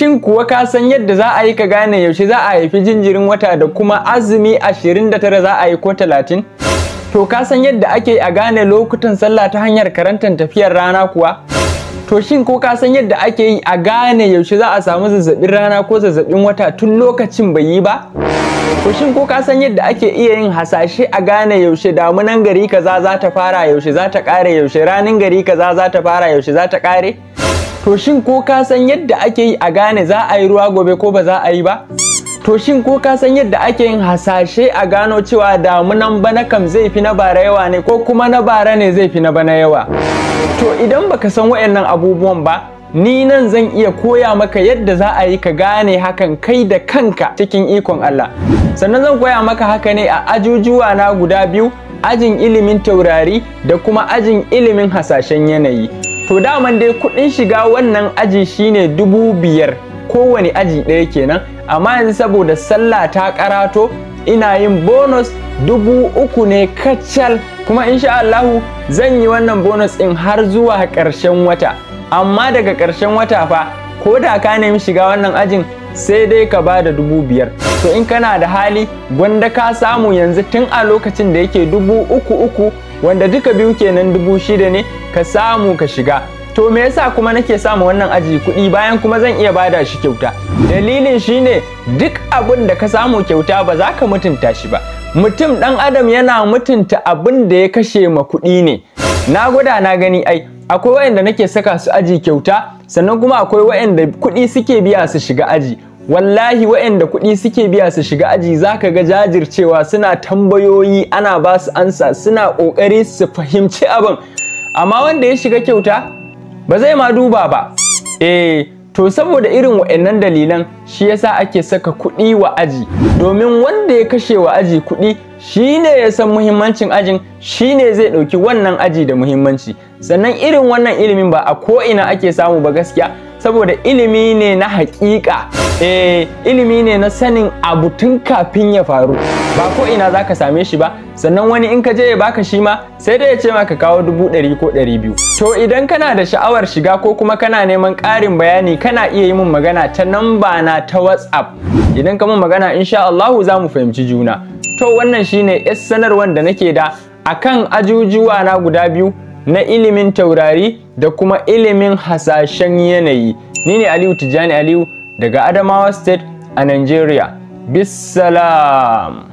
Shin kuwa ka san yadda za a yi ka gane yaushe za a haifi jinjirin wata da kuma azumi 29 za a yi ko 30? To ka san yadda ake a gane lokutan sallah ta hanyar karantar tafiyar rana kuwa? To shin ko ka san yadda ake yi a gane yaushe za a samu zazzabin rana ko zazzabin wata tun lokacin bai yi ba? To shin ko ka san yadda ake iya yin hasashe a gane yaushe damunan gari kaza za ta fara yaushe za ta kare yaushe ranin gari kaza za ta fara yaushe za ta kare? to shin ko ka san yadda ake yi a gane za a yi ruwa gobe ko ba za a yi ba to shin ko ka san yadda ake yin hasashe a gano cewa damunan bana kam zai fi na bara yawa ne ko kuma na bara ne zai fi na bana yawa to idan baka san waɗannan abubuwan ba ni nan zan iya koya maka yadda za a yi ka gane hakan kai da kanka cikin ikon Allah sannan zan koya maka haka ne a ajujuwa na guda biyu ajin ilimin taurari da kuma ajin ilimin hasashen yanayi to daman dai kudin shiga wannan aji shine dubu biyar kowane aji ɗaya kenan amma yanzu saboda sallah ta karato ina yin bonus dubu uku ne kacal kuma insha Allahu zan yi wannan bonus ɗin har zuwa ƙarshen wata amma daga ƙarshen wata fa ko da ka nemi shiga wannan ajin sai dai ka ba da dubu biyar to in kana da hali gwanda ka samu yanzu tun a lokacin da yake dubu uku uku wanda duka biyu kenan dubu shida ne ka samu ka shiga to me yasa kuma nake samu wannan aji kuɗi bayan kuma zan iya ba da shi kyauta dalilin shine duk abin da ka samu kyauta ba za ka mutunta shi ba mutum ɗan adam yana mutunta abin da ya kashe ma kuɗi ne na gwada na gani ai akwai wayanda nake saka su aji kyauta sannan kuma akwai wayanda kuɗi suke biya su shiga aji wallahi wayanda kuɗi suke biya su shiga aji zaka ga jajircewa suna tambayoyi ana ba su ansa suna ƙoƙari su fahimci abin amma wanda ya shiga kyauta ba zai ma duba ba eh To saboda irin wa'annan dalilan shi yasa ake saka kuɗi wa aji domin wanda ya kashe wa aji kuɗi shi ne ya san muhimmancin ajin shi ne zai ɗauki wannan aji da muhimmanci sannan irin wannan ilimin ba a ko'ina ake samu ba gaskiya saboda ilimi ne na haƙiƙa eh ilimi ne na sanin abu tun kafin ya faru ba ko ina za same shi ba sannan wani in ka je ya baka shi ma sai dai ya ce maka kawo dubu ɗari ko ɗari biyu to idan kana da sha'awar shiga ko kuma kana neman ƙarin bayani kana iya yi min magana ta namba na ta whatsapp idan ka min magana insha Allahu za mu fahimci juna to wannan shine 'yar sanarwar da nake da akan ajujuwa na guda biyu na ilimin taurari da kuma ilimin hasashen yanayi ni ne aliyu tijjani aliyu daga adamawa state a nigeria bisalam